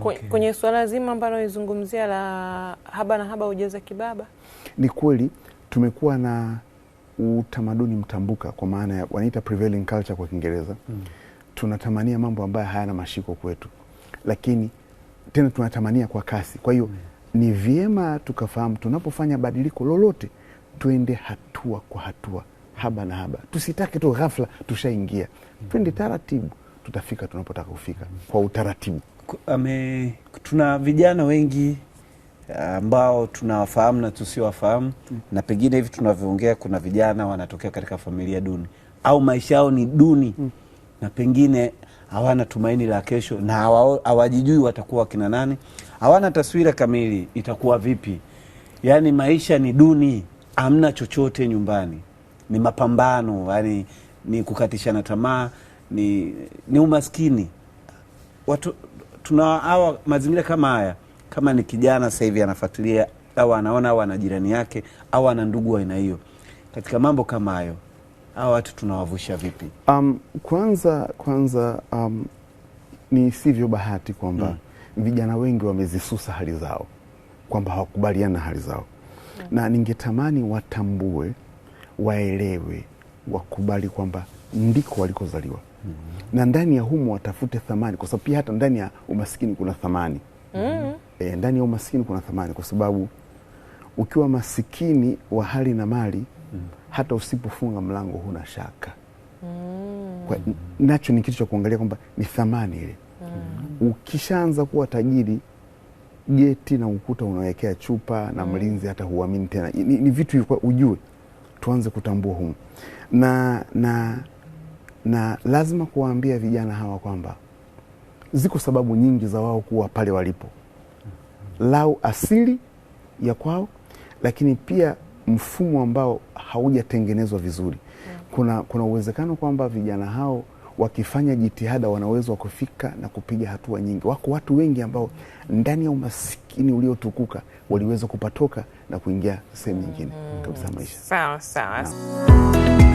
Okay. Kwenye suala zima ambalo nizungumzia la haba na haba ujaza kibaba, ni kweli tumekuwa na utamaduni mtambuka, kwa maana ya wanaita prevailing culture kwa Kiingereza mm. Tunatamania mambo ambayo hayana mashiko kwetu, lakini tena tunatamania kwa kasi. Kwa hiyo mm. ni vyema tukafahamu tunapofanya badiliko lolote, tuende hatua kwa hatua, haba na haba, tusitake tu ghafla tushaingia, twende mm. taratibu tutafika tunapotaka kufika kwa utaratibu. Ame, tuna vijana wengi eh, ambao tunawafahamu na tusiowafahamu mm. na pengine hivi tunavyoongea, kuna vijana wanatokea katika familia duni au maisha yao ni duni mm. na pengine hawana tumaini la kesho na hawajijui watakuwa wakina nani, hawana taswira kamili itakuwa vipi. Yaani maisha ni duni, hamna chochote nyumbani, ni mapambano, yani ni kukatishana tamaa ni, ni umaskini watu tuna hawa mazingira kama haya. Kama ni kijana sasa hivi anafuatilia au anaona au ana jirani yake au ana ndugu aina hiyo katika mambo kama hayo, hawa watu tunawavusha vipi? Um, kwanza kwanza um, ni sivyo bahati kwamba mm. vijana wengi wamezisusa hali zao kwamba hawakubaliana na hali zao mm. na ningetamani watambue, waelewe, wakubali kwamba ndiko walikozaliwa mm -hmm. na ndani ya humo watafute thamani, kwa sababu pia hata ndani ya umaskini kuna thamani mm -hmm. E, ndani ya umaskini kuna thamani, kwa sababu ukiwa masikini wa hali na mali mm -hmm. hata usipofunga mlango huna shaka mm -hmm. kwa, nacho ni kitu cha kuangalia kwamba ni thamani ile mm -hmm. ukishaanza kuwa tajiri geti na ukuta unawekea chupa na mm. mlinzi hata huamini tena. Ni, ni vitu ujue, tuanze kutambua humu na na na lazima kuwaambia vijana hawa kwamba ziko sababu nyingi za wao kuwa pale walipo, lau asili ya kwao, lakini pia mfumo ambao haujatengenezwa vizuri. Kuna, kuna uwezekano kwamba vijana hao wakifanya jitihada wanaweza wa kufika na kupiga hatua nyingi. Wako watu wengi ambao ndani ya umasikini uliotukuka waliweza kupatoka na kuingia sehemu nyingine kabisa maisha. Sawa sawa.